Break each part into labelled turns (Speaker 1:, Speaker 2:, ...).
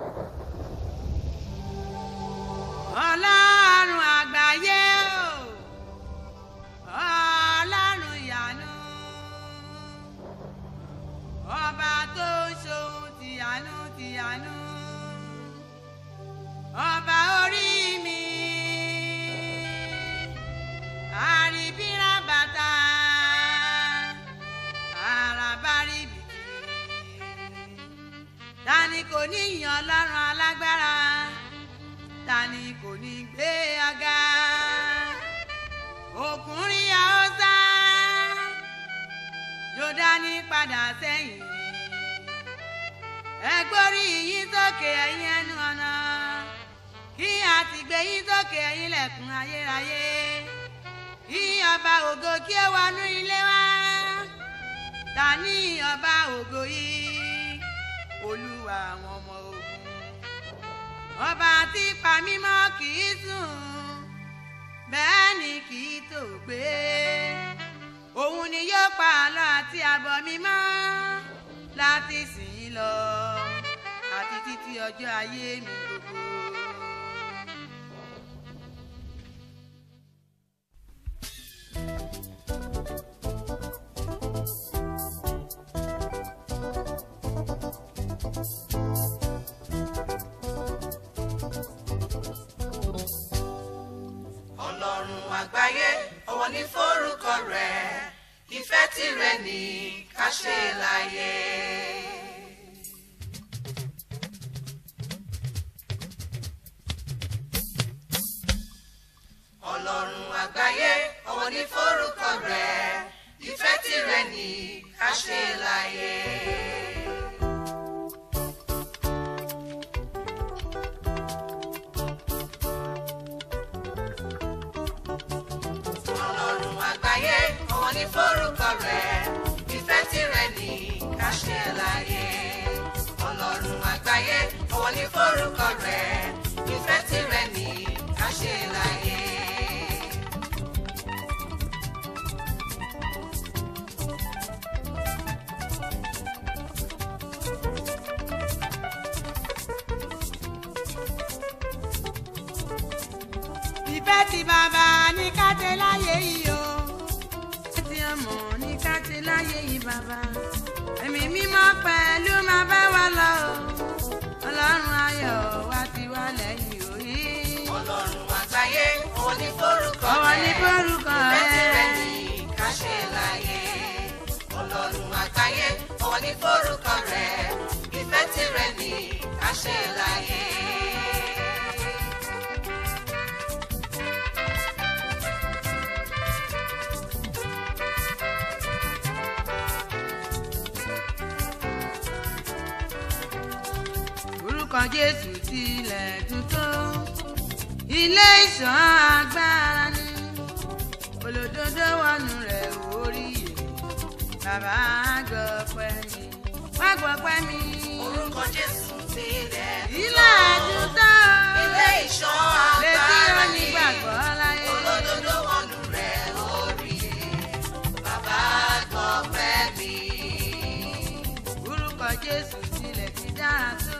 Speaker 1: you. ní yìn ọlọ́run alágbára ta ni kò ní gbé ọ̀gá òkúnrin haúsá Jòdánì padà sẹ́yìn ẹ gbórí yín sókè ẹ̀yin ẹnu ọ̀nà kí a ti gbé yín sókè ẹ̀yin lẹ̀kùn ayérayé kí ọba ògo kí ó wọnú ilé wa ta ni ọba ògo yìí olúwa àwọn ọba tí pa mímọ́ kì í sùn bẹ́ẹ̀ ni kì í tó gbé òun ni yóò pa àlọ́ àti àbọ̀ mímọ́ láti sìn ín lọ àti títí ọjọ́ ayé mi gbogbo. ní forúkọ rẹ̀ ìfẹ́ tirẹ̀ ní ká ṣe láyé. bàbá àgbọ̀pẹ́ mi àgbọ̀pẹ́ mi.
Speaker 2: orúkọ jésù ti rẹ̀ lọ. ilé àjùtọ́. ilé ìṣọ́ agbára ni olódodo wọnú rẹ̀ orí
Speaker 1: bàbá àgbọ̀pẹ́ mi. orúkọ jésù tilẹ̀ ti dára tó.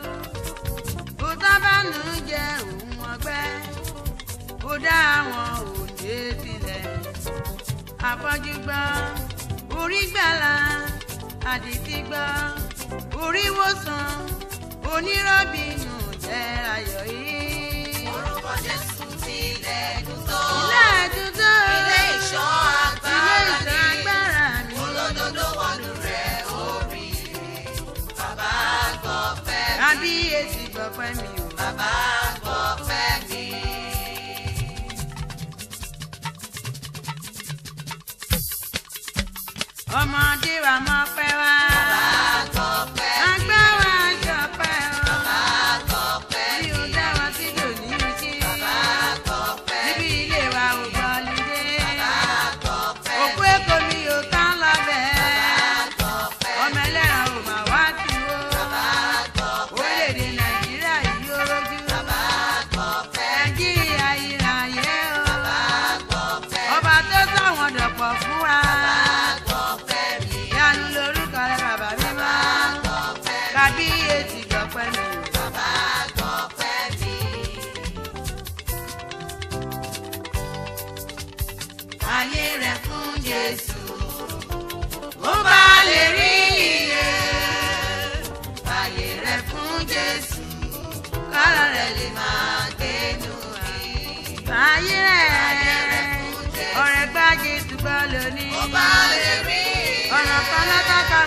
Speaker 1: bó tábà nù jẹ́ òun ọgbẹ́ ó àwọn òde tilẹ̀ afọ́jú gbọ́ orí gbàlà àdìsí gbọ́ orí wòsàn onírọ̀bì nù jẹ́ ayọ̀ yìí. orúkọ Jésù ti ilẹ̀ ẹ̀dùn tó. ilé ẹ̀dùn tó. ilé ìṣọ́ agbára mi. ilé ìṣọ́ agbára mi. olódodo wọnú rẹ̀
Speaker 2: oríire.
Speaker 1: bàbá gbọ́ fẹ́ mi. àbí èsì gbọ́ fẹ́ mi. ọmọdé wa mọ pẹ́ wá.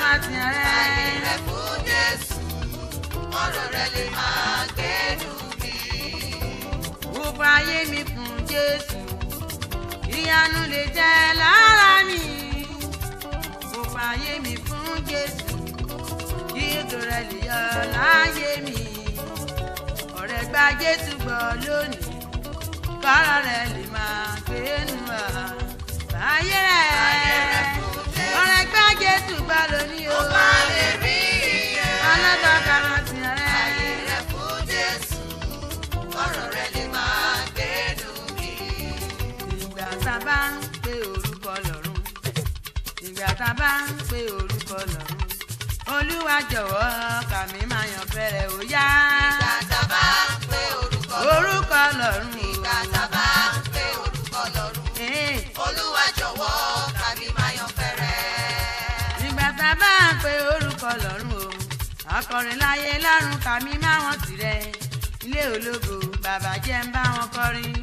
Speaker 1: máa tì rẹ. Àyè rẹ̀ fún Jésù, ọ̀rọ̀ rẹ̀ lè máa gbẹ́nu mi. Gbogbo ayé mi fún Jésù, ìyanu lè jẹ́ lára mi. Gbogbo ayé mi fún Jésù, kí ètò lè yọ láyé
Speaker 2: mi. Ọ̀rẹ́ gba Jésù
Speaker 1: gbọ́ lónìí, kọ́rọ̀ rẹ̀ lè máa gbẹ́nu wa. Báyé rẹ̀. Báyé rẹ̀ bá Jésù gbà lónìí o. Ó bá lè rí a bá ń pe a bá ń pe orúkọ lọ́run. Olúwa jọ̀wọ́ kàmí máa yan fẹ́rẹ̀ ó yá. Ìgbà tá a bá ń pe orúkọ Orúkọ lọ́run. akọrin láyé lọ́run kàmí máwọn tìrẹ ilé ológo bàbá jẹ́ ń bá wọn kọrin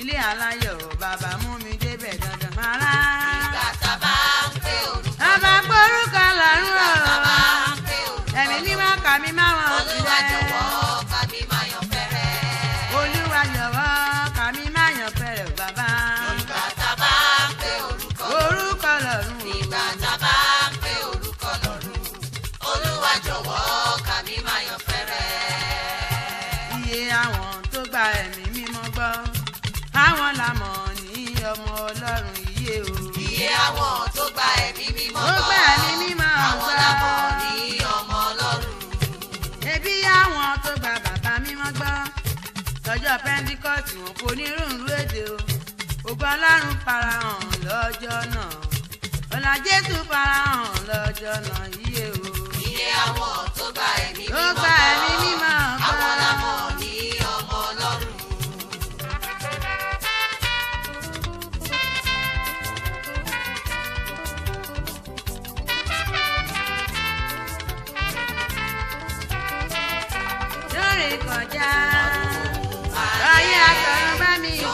Speaker 1: ilé aláyọ̀ bàbá mú mi débẹ̀ dandan. ìgbà tá a bá ń pè orúkọ. a máa gbórúkọ àsùnwọ̀n kò ní rúnrú èdè o ògùn alárùn farahàn lọ́jọ́ náà ọ̀là jésù farahàn lọ́jọ́ náà iye o. iye àwọn tó gba ẹ̀mí
Speaker 2: mímọ́ lọ.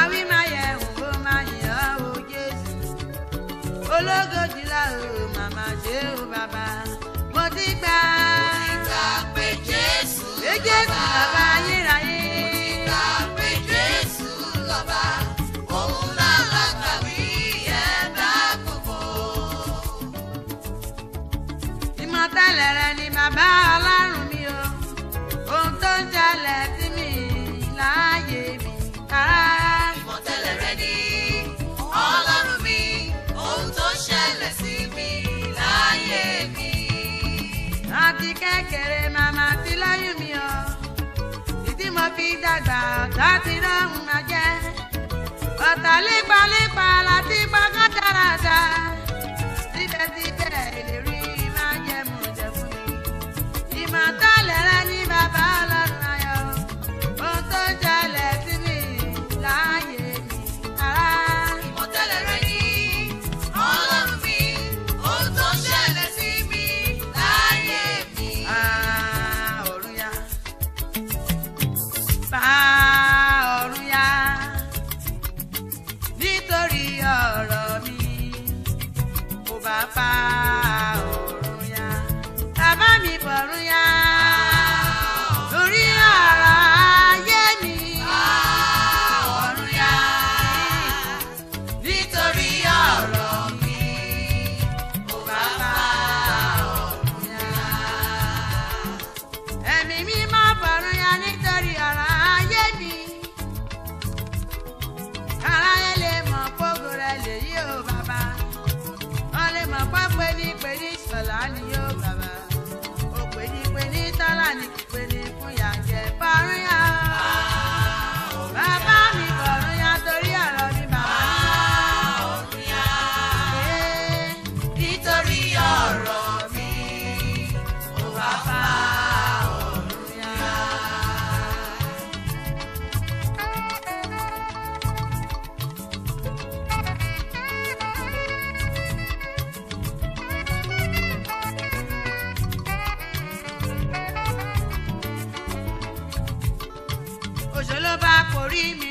Speaker 1: àwí máa yẹ òun ó máa yìn ọ́ o Jésù ológo jìlá o màmá ṣe o bàbá mo ti gbà.
Speaker 2: mo
Speaker 1: kékeré màmá ti lóyún mi o títí mo fi dàgbà ọ̀tá ti rọrùn máa jẹ́ ọ̀tá lépa lépa láti gbọ́gán dáradára. Give me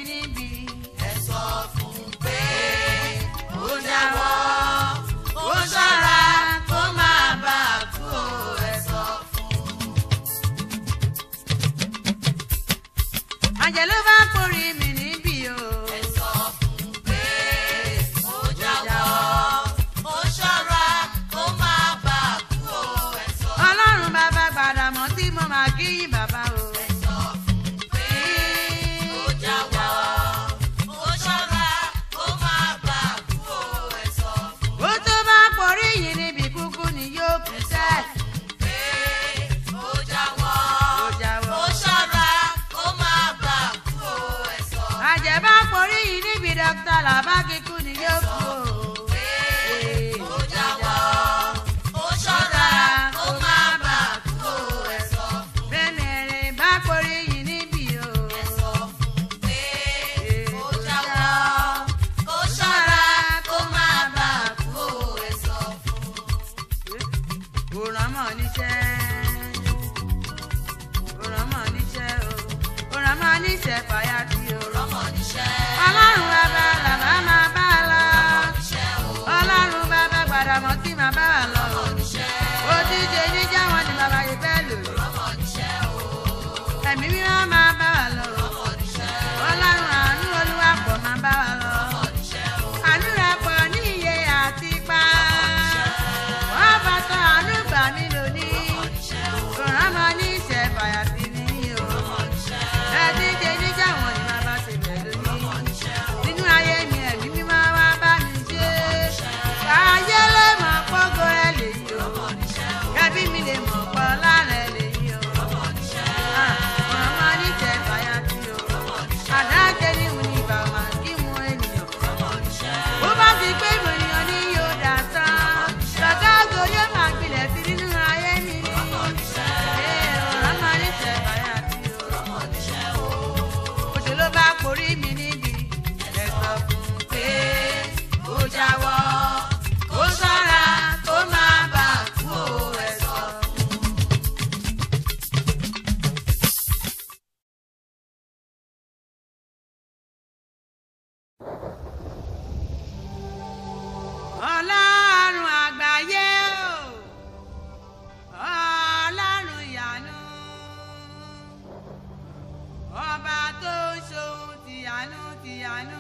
Speaker 1: ìyanu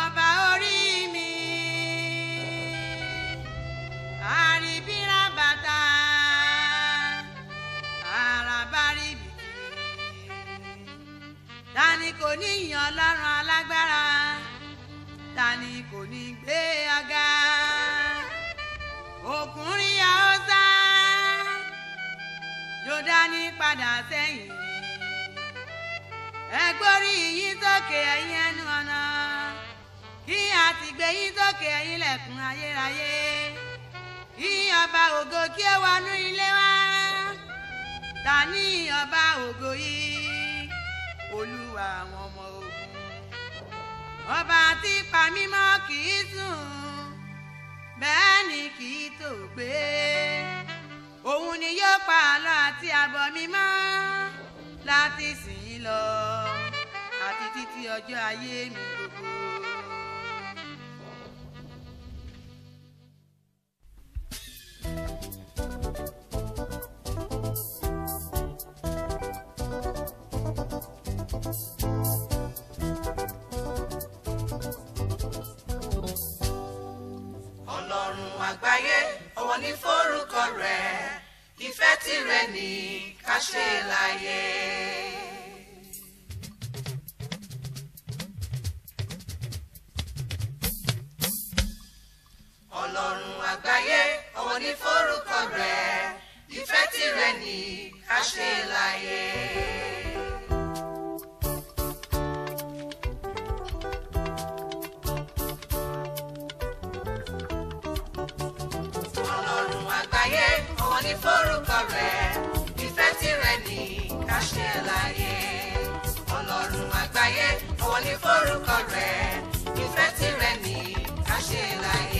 Speaker 1: ọba orí mi àríbíra bàtà àràbárí bìkì tani kò ní yan ọlọ́run alágbára tani kò ní gbé ọ̀gá òkúnrin haúsá Jódánì padà sẹ́yìn ẹ gbórí yín sókè ẹ̀yin ẹnu ọ̀nà kí àtìgbé yín sókè ẹ̀yin lẹ̀kùn ayérayé kí ọba ògo kí ó wọnú ilé wa ta ní ọba ògo yìí olúwa àwọn ọmọ ogun ọba tí pa mímọ́ kì í sùn bẹ́ẹ̀ ni kì í tòògbé òun ni yóò pa àlọ́ àti àbọ̀ mímọ́ láti sìn lọ àti títí ọjọ́ ayé mi gbogbo. ọlọ́run àgbáyé ọ̀wọ̀ ní forúkọ rẹ̀ ìfẹ́ tìrẹ ní ká ṣe láyé. ọlọ́run àgbáyé ọ̀wọ̀ ní forúkọ rẹ̀ ìfẹ́ tìrẹ ní ká láyé. rẹ̀ ìfẹ́ tirẹ̀ ní ká ṣe láyé ọlọ́run àgbáyé òun ní forúkọ rẹ̀ ìfẹ́ tirẹ̀ ní
Speaker 2: ká láyé.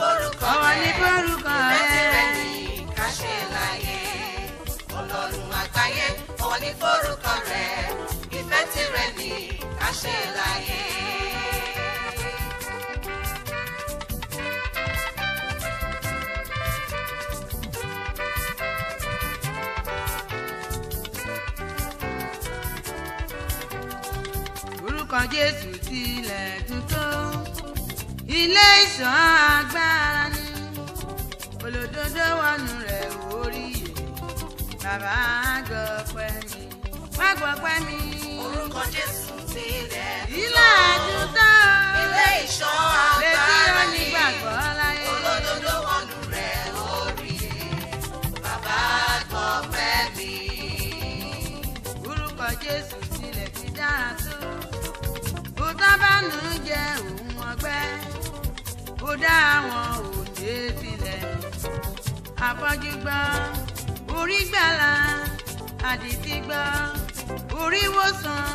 Speaker 1: forúkọ rẹ̀. ọ̀wọ̀ ní forúkọ rẹ̀. ìrẹsì rẹ̀ ní ká ṣe láyé. ọlọ́run àgbáyé ọ̀wọ̀ ní forúkọ rẹ̀.
Speaker 2: ìfẹ́ tirẹ̀ ní
Speaker 1: orúkọ jésù tilẹ̀ tuntun ilé ìṣàn agbára ni olódodo wọnú rẹ̀ orí yèmí bàbá àgbọ̀pẹ́ mi wàgbọ̀pẹ́ mi.
Speaker 2: orúkọ Jésù ti ilẹ̀ ẹ̀dùn ilé ìṣàn agbára.
Speaker 1: kódà àwọn òde tilẹ̀ afọ́jú gbọ́ orí gbàlà àdìtí gbọ́ orí wòsàn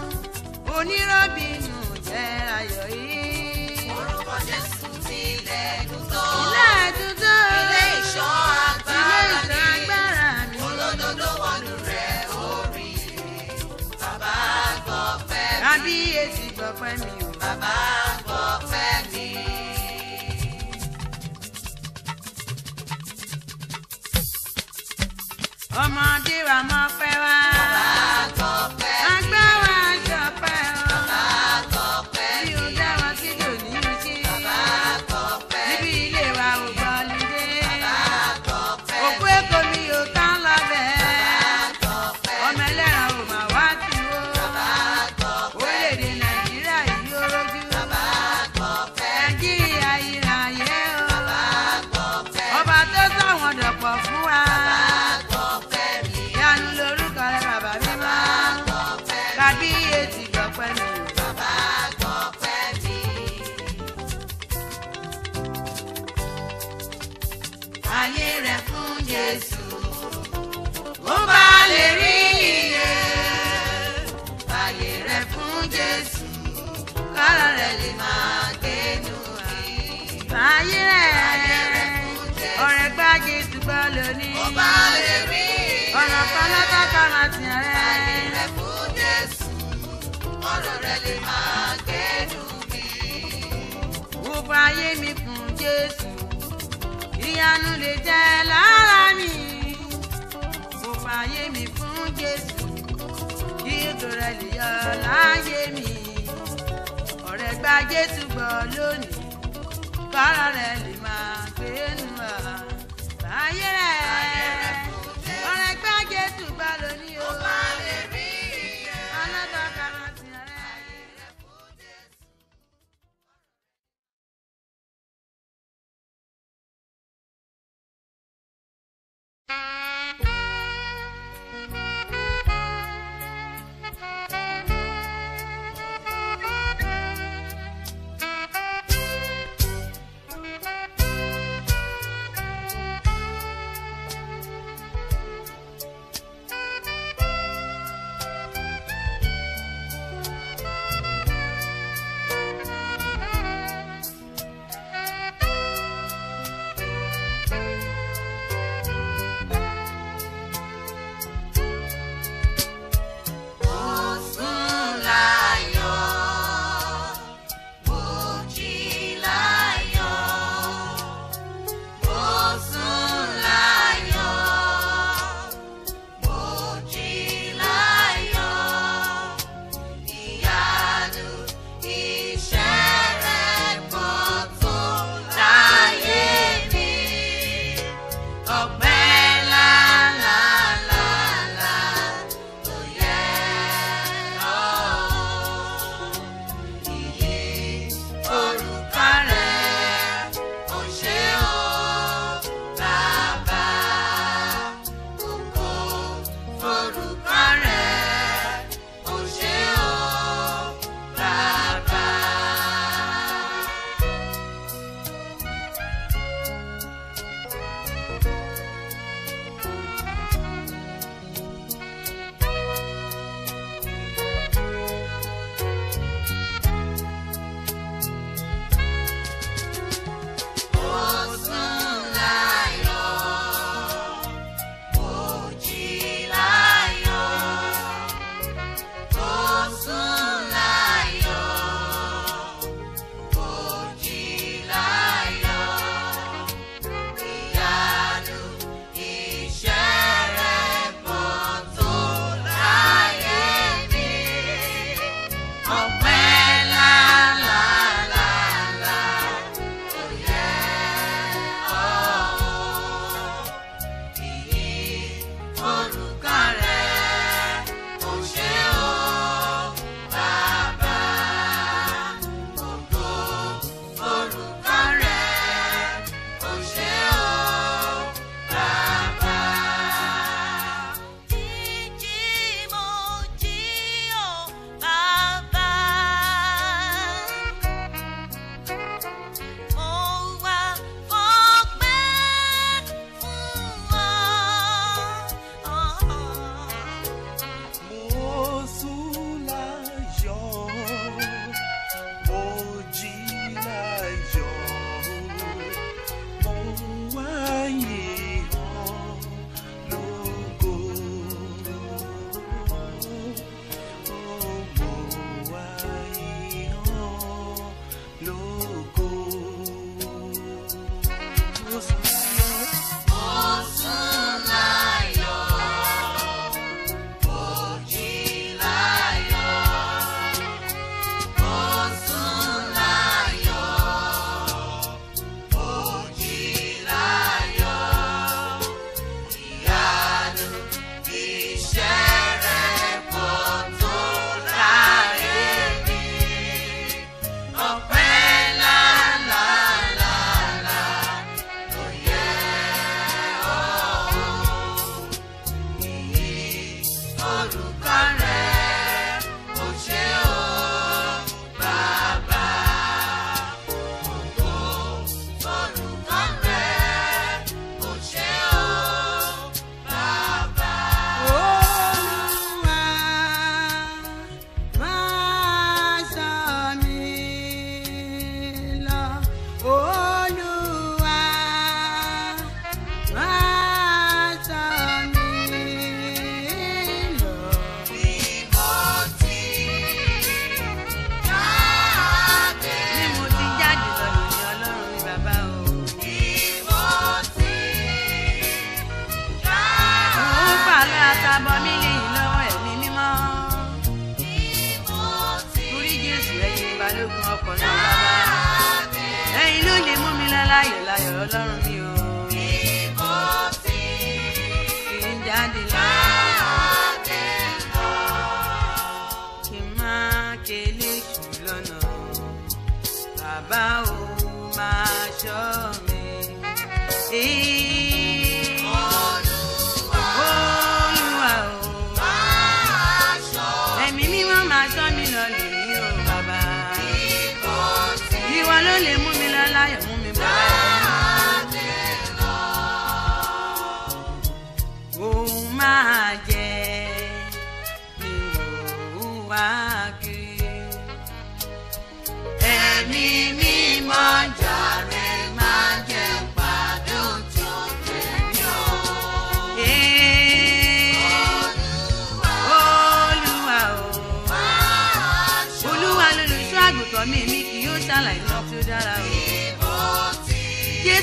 Speaker 1: onírọ̀bìnú jẹ́ ayọ̀ yìí. orúkọ Jésù ti ilẹ̀ ẹ̀dùn tó. ilé ẹ̀dùn tó. ilé ìṣọ́ agbára mi. ilé ìṣọ́ agbára mi. olódodo
Speaker 2: wọnú rẹ̀ orí
Speaker 1: bàbá gbọ́ pẹ́ mi. kábíyèsí gbọ́ pẹ́ mi o. bàbá. ọmọdé wa mọ pẹ́ wá. bàbá tó Jésù ìyanu lè jẹ́ lára mi mo fààyè mi fún Jésù kí ètò rẹ̀ lè yọ láàyè mi ọ̀rẹ́ gba Jésù gbọ́ lónìí bára rẹ̀ lè.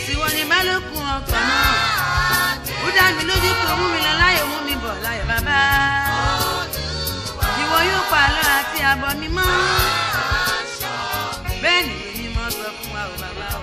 Speaker 1: jésù wọn ni bálòkun ọkàn náà ó dá mi lójú pé ó mú mi lọ láyọ̀ mú mi bọ̀ láyọ̀ bàbá ìwọ yóò pa àlọ́ àti àbọ̀ mi mọ́ bẹ́ẹ̀ ni èmi mọ́ sọ fún wa ò bàbá o.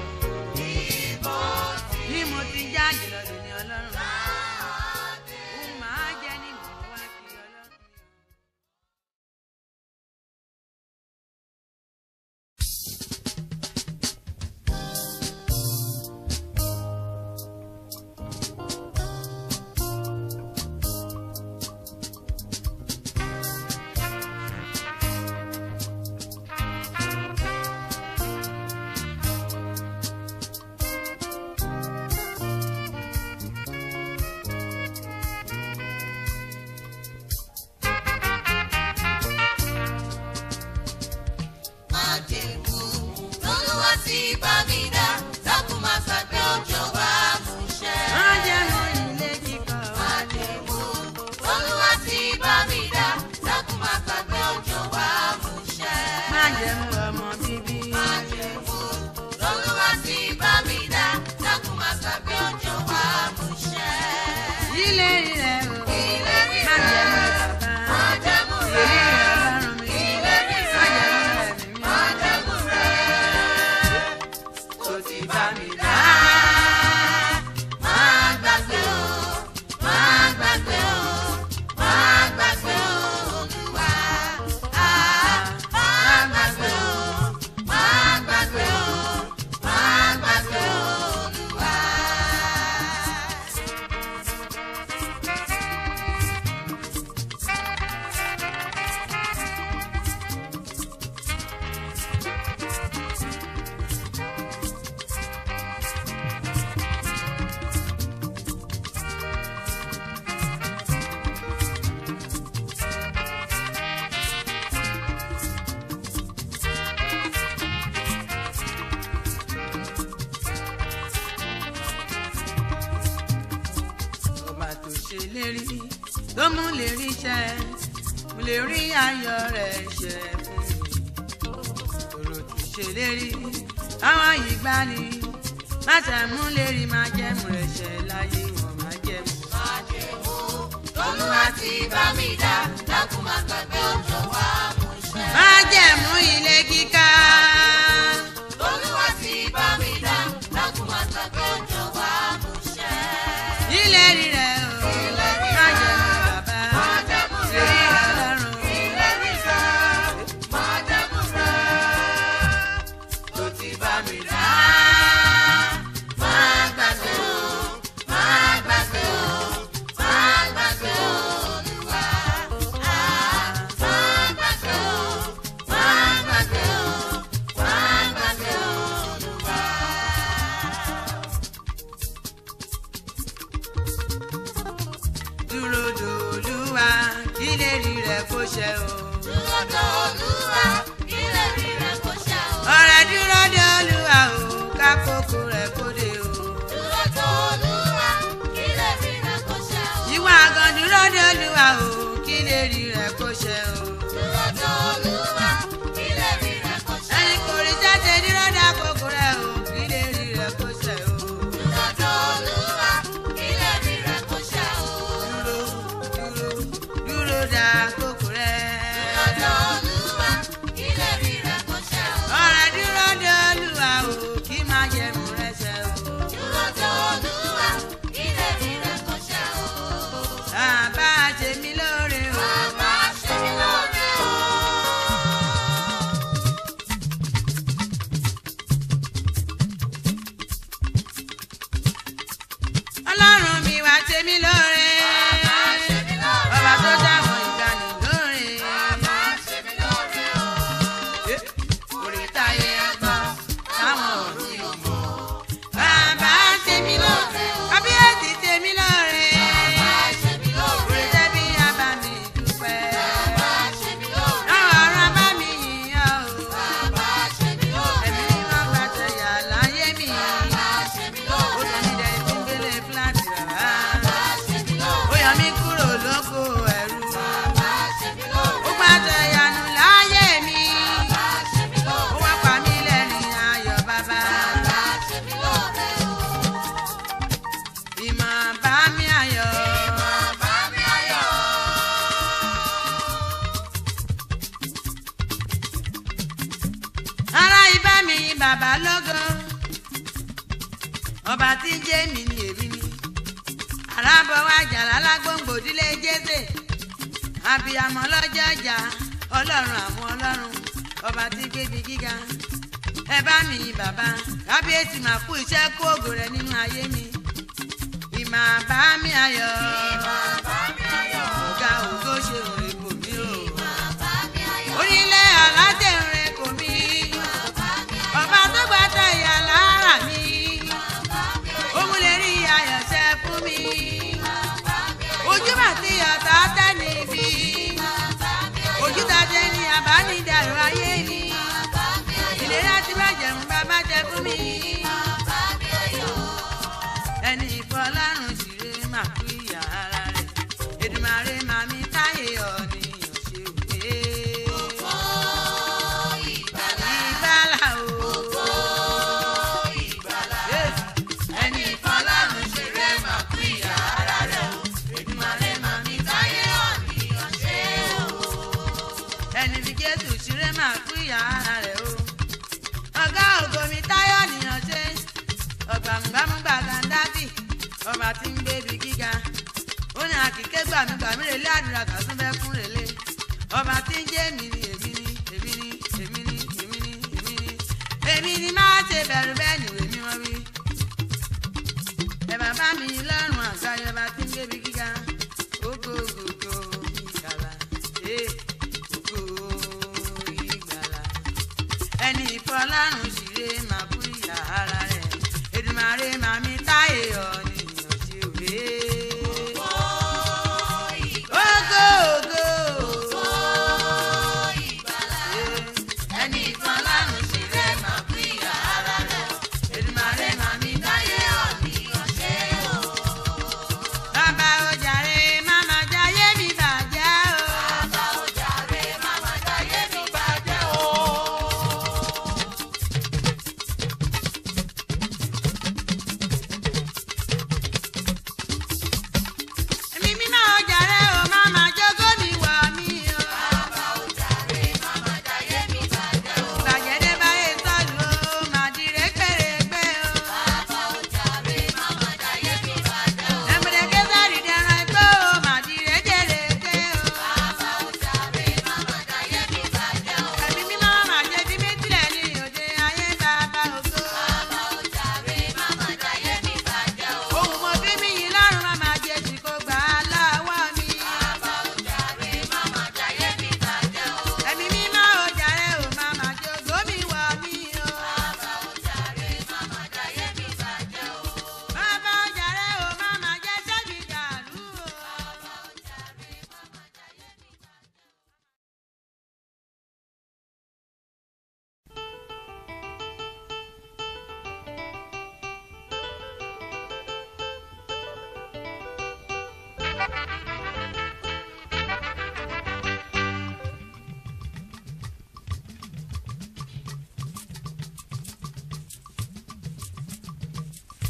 Speaker 1: jẹ́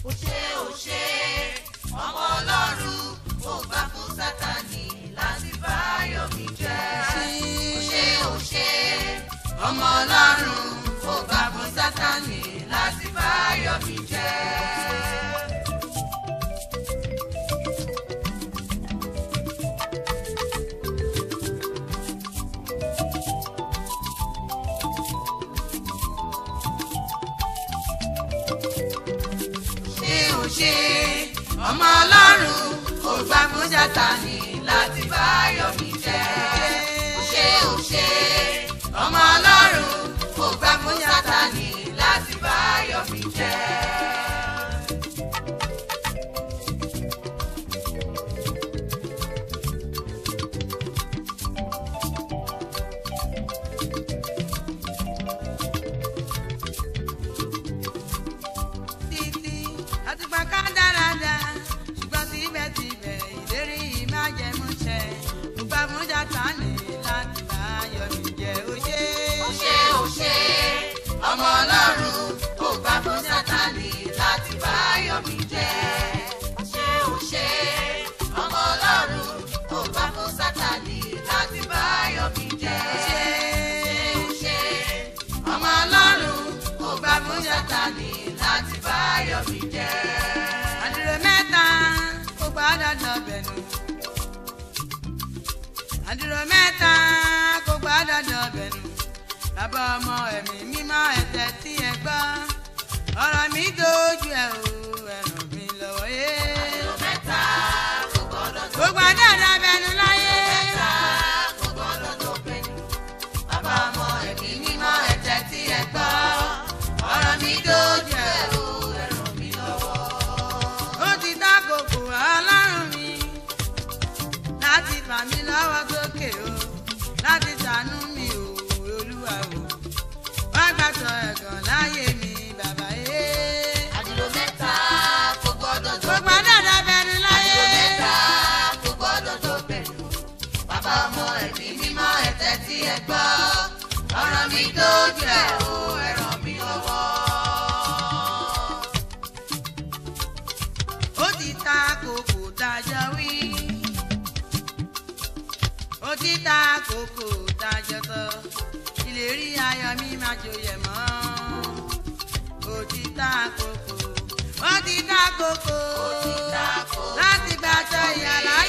Speaker 1: Well, yeah. ní láti bá yọ̀mí jẹ́. àdìrẹ mẹ́ta ó gbọ́dọ̀ dọ̀bẹ̀ nù. àdìrẹ mẹ́ta kò gbọ́dọ̀ dọ̀bẹ̀ nù. bàbá ọmọ ẹ̀mí mímọ́ ẹ̀tẹ̀ tí ẹ gbọ́. ọ̀rọ̀ mi dojú ẹ̀ o ẹ̀ràn mi lọ́wọ́ yé. àdìrẹ mẹ́ta kò gbọ́dọ̀ dọ̀bẹ̀ nù. gbogbo àdàdà bẹnu láyé. Ramila ṣẹbọ ìlérí ayọ̀ mi máa joyè mọ́ ó ti ta kókó ó ti ta kókó láti gbàjọ ìyàlá yìí.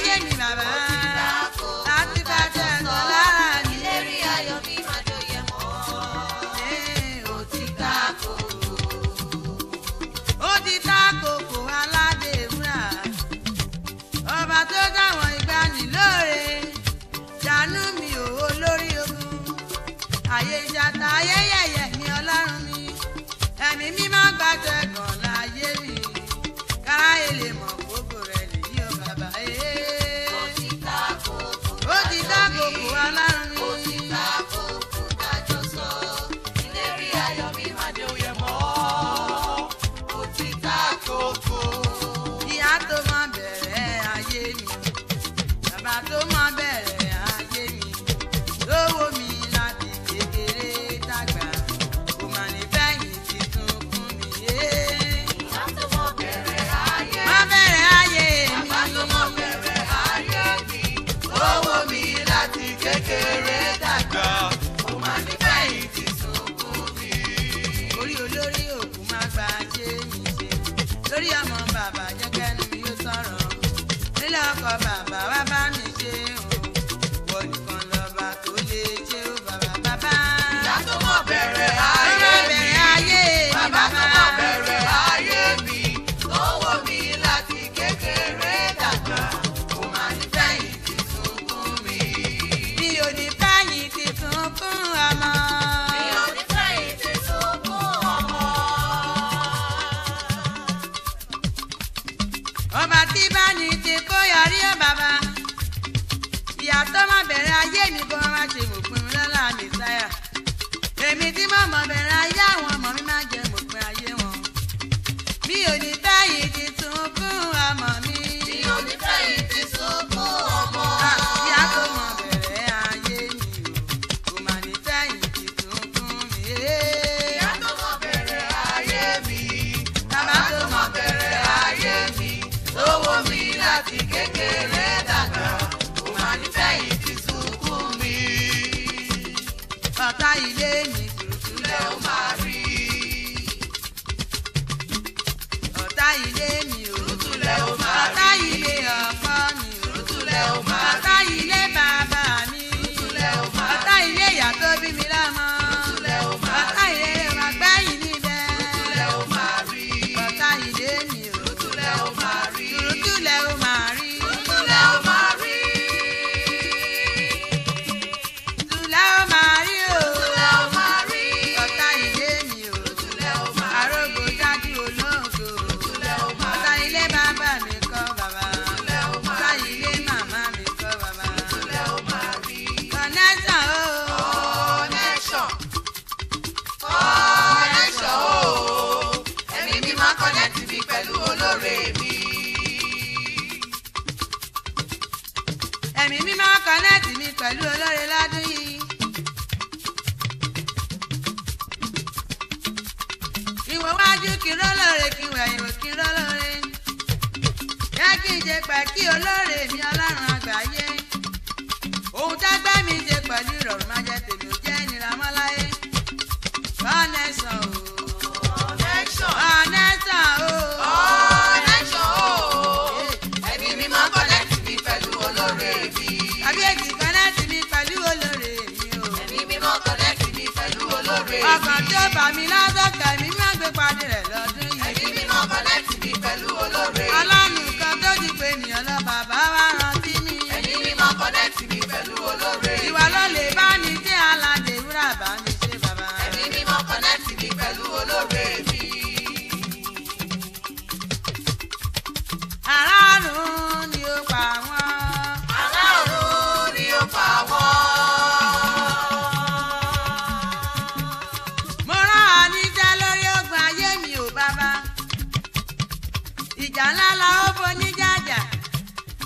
Speaker 1: ìjà ńlá la ó foní jàjà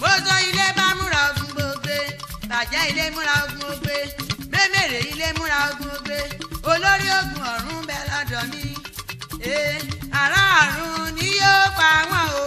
Speaker 1: bó so ilé bá múra ogun gbogbo bàjẹ́ ilé múra ogun gbogbo mẹ́mẹ́rẹ́ ilé múra ogun gbogbo olórí ogun ọ̀run bẹ lọ́dọ̀ mi. ara ọ̀run ni yóò pa wọ́n o.